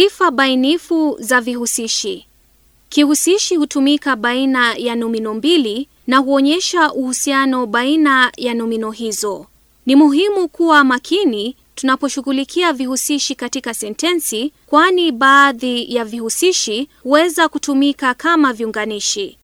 Sifa bainifu za vihusishi. Kihusishi hutumika baina ya nomino mbili na huonyesha uhusiano baina ya nomino hizo. Ni muhimu kuwa makini tunaposhughulikia vihusishi katika sentensi, kwani baadhi ya vihusishi huweza kutumika kama viunganishi.